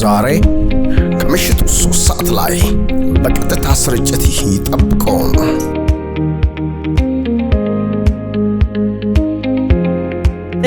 ዛሬ ከምሽቱ ሶስት ሰዓት ላይ በቀጥታ ስርጭት ይጠብቀውን።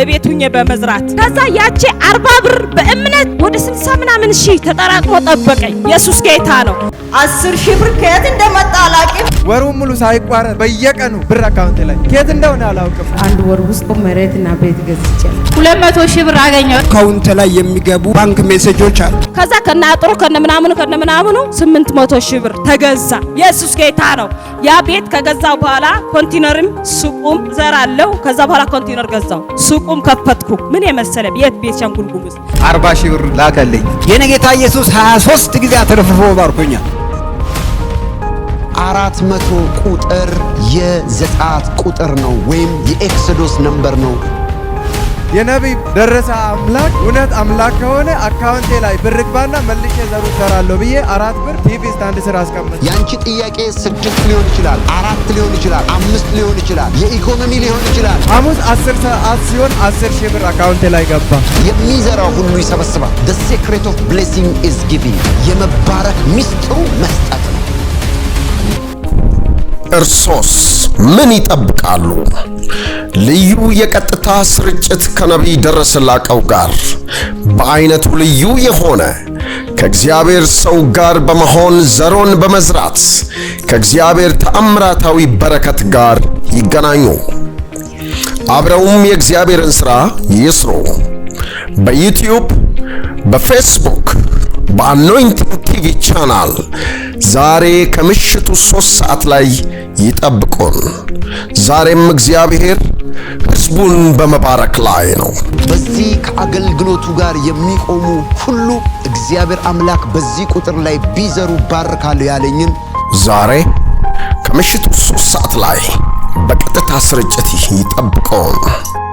እቤቱኝ በመዝራት ከዛ ያቼ አርባ ብር በእምነት ወደ ስልሳ ምናምን ሺህ ተጠራቅሞ ጠበቀኝ። ኢየሱስ ጌታ ነው። አስር ሺህ ብር ከየት እንደመጣ አላውቅም። ወሩን ሙሉ ሳይቋረጥ በየቀኑ ብር አካውንት ላይ ኬት እንደሆነ አላውቅም። አንድ ወር ውስጥ መሬትና ቤት ገዝቻለሁ። ሁለት መቶ ሺህ ብር አገኘሁ። አካውንት ላይ የሚገቡ ባንክ ሜሴጆች አሉ። ከዛ ከናጥሮ ከነምናምኑ ከነምናምኑ ስምንት መቶ ሺህ ብር ተገዛ። ኢየሱስ ጌታ ነው። ያ ቤት ከገዛው በኋላ ኮንቲነርም ሱቁም ዘራለው። ከዛ በኋላ ኮንቲነር ገዛው፣ ሱቁም ከፈትኩ። ምን የመሰለ ቤት ቤት ሻንጉልጉል ውስጥ 40 ሺህ ብር ላከልኝ። የነጌታ ኢየሱስ 23 ጊዜ አትርፍፎ ባርኮኛል። አራት መቶ ቁጥር የዘጸአት ቁጥር ነው ወይም የኤክሶዶስ ነምበር ነው። የነቢይ ደረሰ አምላክ እውነት አምላክ ከሆነ አካውንቴ ላይ ብር ግባና መልሼ ዘሩ ሰራለሁ ብዬ አራት ብር ቲቪ ስታንድ ስር አስቀምጥ። ያንቺ ጥያቄ ስድስት ሊሆን ይችላል፣ አራት ሊሆን ይችላል፣ አምስት ሊሆን ይችላል፣ የኢኮኖሚ ሊሆን ይችላል። ሐሙስ አስር ሰዓት ሲሆን አስር ሺህ ብር አካውንቴ ላይ ገባ። የሚዘራው ሁሉ ይሰበስባል። the secret of blessing is giving የመባረክ ሚስጥሩ መስጠት እርሶስ ምን ይጠብቃሉ? ልዩ የቀጥታ ስርጭት ከነቢይ ደረሰ ላቀው ጋር በአይነቱ ልዩ የሆነ ከእግዚአብሔር ሰው ጋር በመሆን ዘሮን በመዝራት ከእግዚአብሔር ተአምራታዊ በረከት ጋር ይገናኙ። አብረውም የእግዚአብሔርን ሥራ ይስሩ። በዩቲዩብ፣ በፌስቡክ፣ በአኖይንቲንግ ቲቪ ቻናል ዛሬ ከምሽቱ ሶስት ሰዓት ላይ ይጠብቁን። ዛሬም እግዚአብሔር ሕዝቡን በመባረክ ላይ ነው። በዚህ ከአገልግሎቱ ጋር የሚቆሙ ሁሉ እግዚአብሔር አምላክ በዚህ ቁጥር ላይ ቢዘሩ ባርካለሁ ያለኝን ዛሬ ከምሽቱ 3 ሰዓት ላይ በቀጥታ ስርጭት ይጠብቀውን።